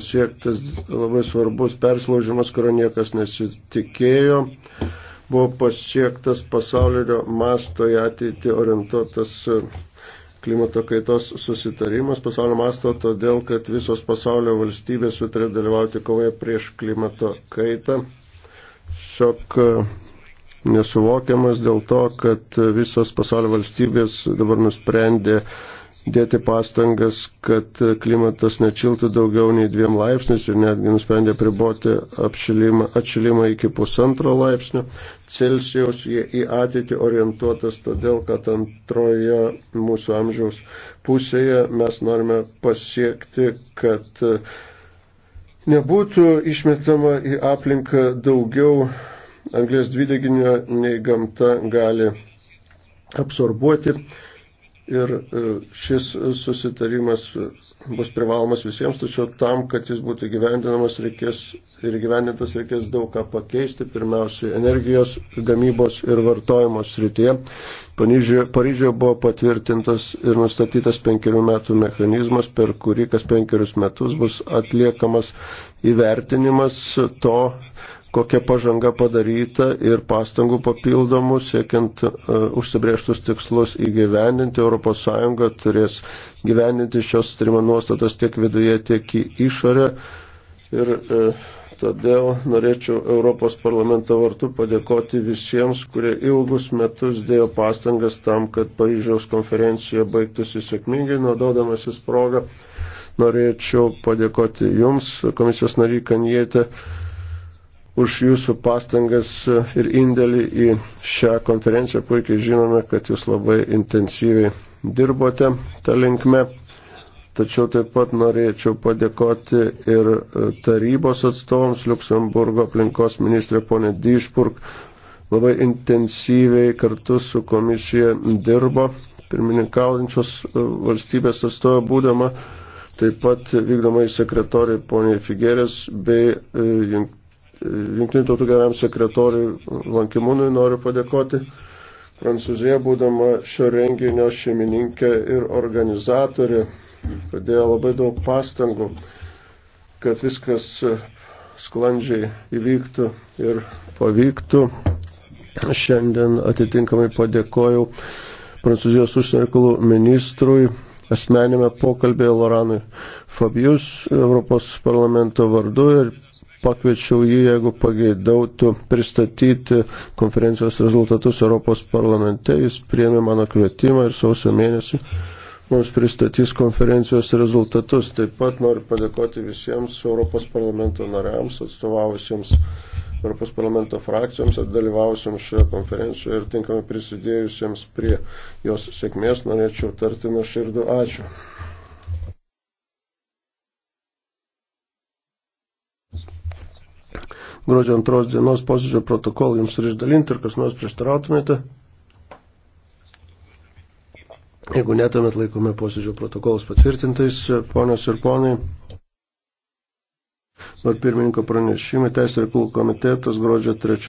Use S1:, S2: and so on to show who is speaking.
S1: pasiektas labai svarbus perslaužimas, kurio niekas nesitikėjo. Buvo pasiektas pasaulinio masto į ateitį orientuotas e, klimato kaitos susitarimas pasaulio masto, todėl kad visos pasaulio valstybės sutarė dalyvauti kovoje prieš klimato kaitą. Šiok e, nesuvokiamas dėl to, kad visos pasaulio valstybės dabar nusprendė dėti pastangas, kad klimatas nečiltų daugiau nei dviem laipsnius ir netgi nusprendė priboti apšilimą, atšilimą iki pusantro laipsnio. Celsijaus jie į ateitį orientuotas todėl, kad antroje mūsų amžiaus pusėje mes norime pasiekti, kad nebūtų išmetama į aplinką daugiau anglės dvideginio, nei gamta gali absorbuoti ir e, šis susitarimas bus privalomas visiems, tačiau tam, kad jis būtų gyvendinamas reikės, ir gyvendintas reikės daug ką pakeisti, pirmiausiai energijos gamybos ir vartojimo srityje. Paryžioje buvo patvirtintas ir nustatytas penkerių metų mechanizmas, per kurį kas penkerius metus bus atliekamas įvertinimas to, kokia pažanga padaryta ir pastangų papildomų siekiant uh, užsibrieštus tikslus įgyveninti. ES turės gyveninti šios strimo nuostatas tiek viduje, tiek į išorę. Ir uh, todėl norėčiau Europos parlamento vartų padėkoti visiems, kurie ilgus metus dėjo pastangas tam, kad Paryžiaus konferencija baigtųsi sėkmingai, naudodamasis progą. Norėčiau padėkoti Jums, komisijos nary Kanjėte už jūsų pastangas ir indėlį į šią konferenciją. Puikiai žinome, kad jūs labai intensyviai dirbote tą linkmę. Tačiau taip pat norėčiau padėkoti ir e, tarybos atstovams Luksemburgo aplinkos ministrė ponė Dyšpurk. Labai intensyviai kartu su komisija dirbo, pirmininkaujančios e, valstybės atstovė būdama, taip pat vykdomai sekretoriai ponė Figeris bei e, jungtinė Junktinių tautų geram sekretoriui Lankimūnui noriu padėkoti. Prancūzija, būdama šio renginio šeimininkė ir organizatorė, padėjo labai daug pastangų, kad viskas sklandžiai įvyktų ir pavyktų. Šiandien atitinkamai padėkojau Prancūzijos užsienio reikalų ministrui asmenime pokalbėje Loranui Fabius Europos parlamento vardu ir pakviečiau jį, jeigu pageidautų pristatyti konferencijos rezultatus Europos parlamente. Jis priemė mano kvietimą ir sausio mėnesį mums pristatys konferencijos rezultatus. Taip pat noriu padėkoti visiems Europos parlamento nariams, atstovavusiems Europos parlamento frakcijoms, dalyvavusiems šioje konferencijoje ir tinkamai prisidėjusiems prie jos sėkmės. Norėčiau tarti nuo širdų ačiū. gruodžio antros dienos posėdžio protokolą jums ir išdalinti, ir kas nors prieštarautumėte. Jeigu netuomet laikome posėdžio protokolus patvirtintais, ponios ir ponai, nuo pirmininko pranešimai, teisė ir kulų komitetas gruodžio 3.